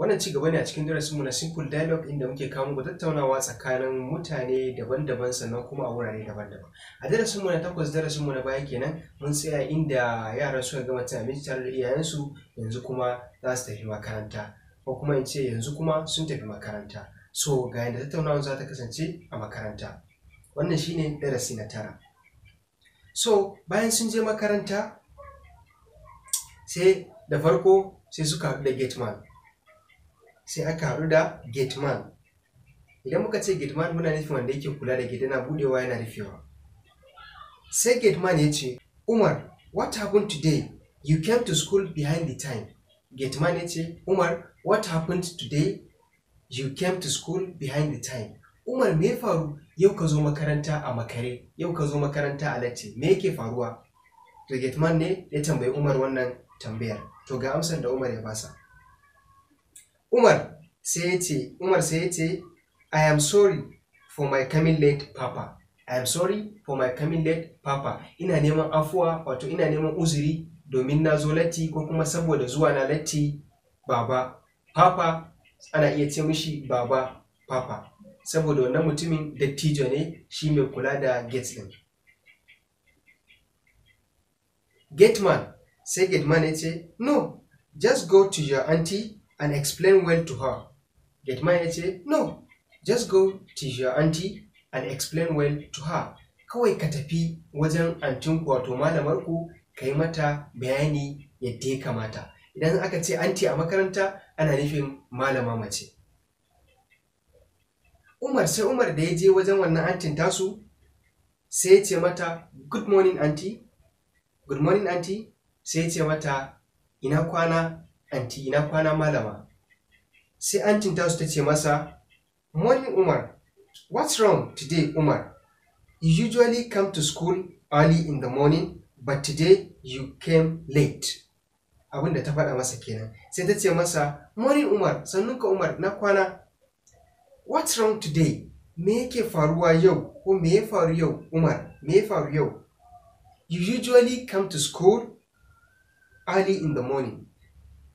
Wannan ci gaba ne a cikin mu na Simple Dialogue inda muke kawo muku tattaunawa tsakanin mutane daban-daban sannan kuma a wurare daban-daban. A darasinmu na takwas darasinmu na baya kenan mun tsaya inda yaran suka gama cin abinci tare da iyayensu yanzu kuma za su tafi makaranta. Ko kuma in ce yanzu kuma sun tafi makaranta. So ga yadda tattaunawar za ta kasance a makaranta. Wannan shine darasi na tara. So bayan sun je makaranta sai da farko sai suka haɗu da gate man. sai aka haɗu da man, idan muka ce man muna nufin wanda yake kula da gidana na budewa yana rufewa sai gateman ya ce umar what happened today you came to school behind the time gateman ya ce umar what happened today you came to school behind the time umar me faru yau ka zo makaranta a makare yau ka zo makaranta a latti me yake faruwa to gateman ne ya tambayi umar wannan tambayar to ga amsar da umar ya basa Umar sai ya ce, Umar sai ya ce, I am sorry for my coming late papa. I am sorry for my coming late papa. Ina neman afuwa wato ina neman uzuri domin na zo latti ko kuma saboda zuwa na latti baba. Papa ana iya ce mishi baba papa. Saboda wannan mutumin dattijo ne shi mai kula da gate Gate man sai gateman ya ce, No, just go to your auntie and explain well to her. That man ya ce, No, just go to your auntie and explain well to her. Kawai ka tafi wajen antinku wato malamarku ka yi mata bayani yadda ya kamata. Idan aka ce anti a makaranta ana nufin malama mace. Umar sai Umar da ya je wajen wannan antin tasu sai ya ce mata good morning auntie, good morning auntie sai ya ce mata ina kwana anti ina kwana malama sai antin tasu ta ce masa morning umar what's wrong today umar you usually come to school early in the morning but today you came late Abinda ta faɗa masa kenan sai ta ce masa morning umar sannunka umar na kwana what's wrong today me yake faruwa yau ko me ya faru yau umar me ya faru yau you usually come to school early in the morning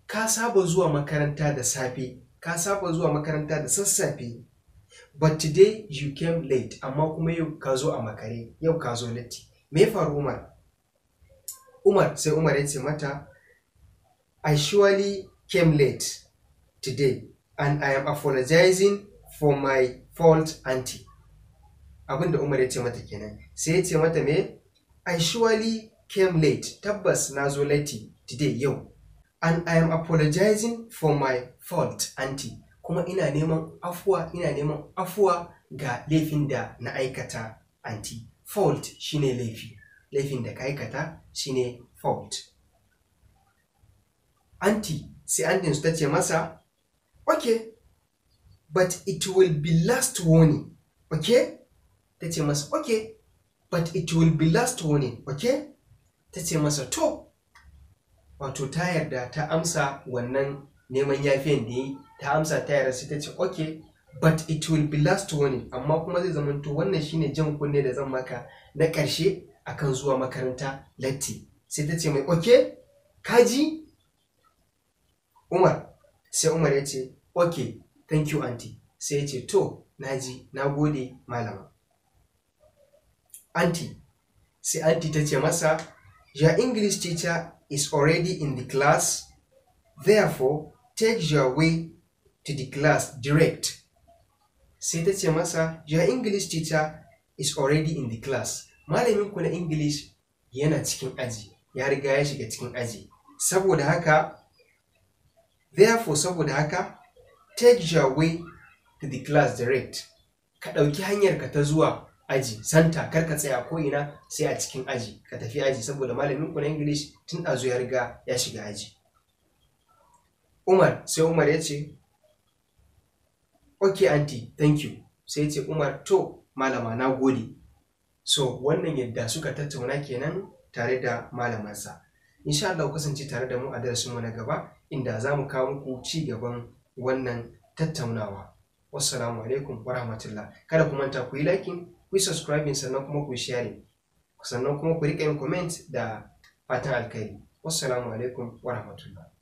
ka saba zuwa makaranta da safe ka saba zuwa makaranta da sassafe but today you came late amma kuma yau ka zo a makare yau ka zo latti me ya faru umar umar sai umar ya ce mata i surely came late today and i am apologizing for my fault auntie abinda umar ya ce mata kenan sai ya ce mata me i surely came late tabbas na zo latti today yau and I am apologizing for my fault, auntie. Kuma ina neman afuwa, ina neman afuwa ga laifin da na aikata, auntie. Fault shine laifi. Laifin da ka aikata shine fault. Auntie, sai antin su ta ce masa, okay, but it will be last warning, okay? Ta ce masa, okay, but it will be last warning, okay? Ta ce masa, to, wato ta yarda ta amsa wannan neman yafiyan da yi ta amsa ta yarda sai ta ce okay but it will be last warning amma kuma zai to wannan shine jan kunne da zan maka na ƙarshe akan zuwa makaranta latti sai ta ce mai okay kaji umar sai umar ya ce okay thank you aunty sai ya ce to naji na gode malama anti sai anti ta ce masa Your English teacher is already in the class. Therefore, take your way to the class direct. Sai ta ce masa, Your English teacher is already in the class. Malamin ku na English yana cikin aji, ya riga ya shiga cikin aji. Saboda haka, therefore saboda haka, take your way to the class direct. Ka ɗauki hanyarka ta zuwa aji santa kar ka tsaya ko ina sai a cikin aji ka tafi aji saboda malamin ku na english tun ɗazu ya riga ya shiga aji umar sai umar ya ce ok aunty thank you sai ya ce umar to malama na gode so wannan yadda suka tattauna kenan tare da malamansa insha Allah kasance tare da mu a darasin mu na gaba inda za mu kawo muku ci gaban wannan tattaunawa wassalamu alaikum warahmatullah kada ku manta ku yi liking ku subscribing sannan kuma ku sharing sannan kuma ku rika yin comment da fatan alkhairi wassalamu alaikum wa rahmatullah